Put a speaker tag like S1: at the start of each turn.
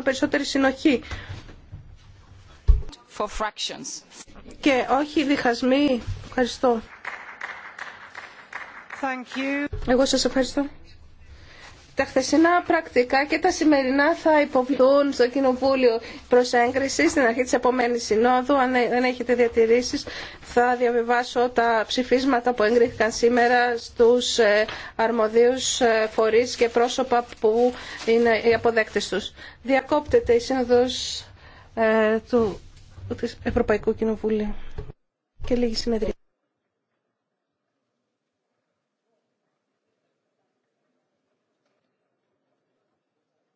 S1: περισσότερη συνοχή.
S2: Και όχι διχασμοί. Ευχαριστώ. Εγώ σας ευχαριστώ. Τα χθεσινά πρακτικά και τα σημερινά θα υποβληθούν στο Κοινοβούλιο προς έγκριση στην αρχή της επόμενης συνόδου. Αν δεν έχετε διατηρήσεις θα διαβιβάσω τα ψηφίσματα που εγκρίθηκαν σήμερα στους ε, αρμοδίους ε, φορείς και πρόσωπα που είναι οι αποδέκτες τους. Διακόπτεται η σύνοδος ε, του Ευρωπαϊκού Κοινοβουλίου και λίγη συνεδρία.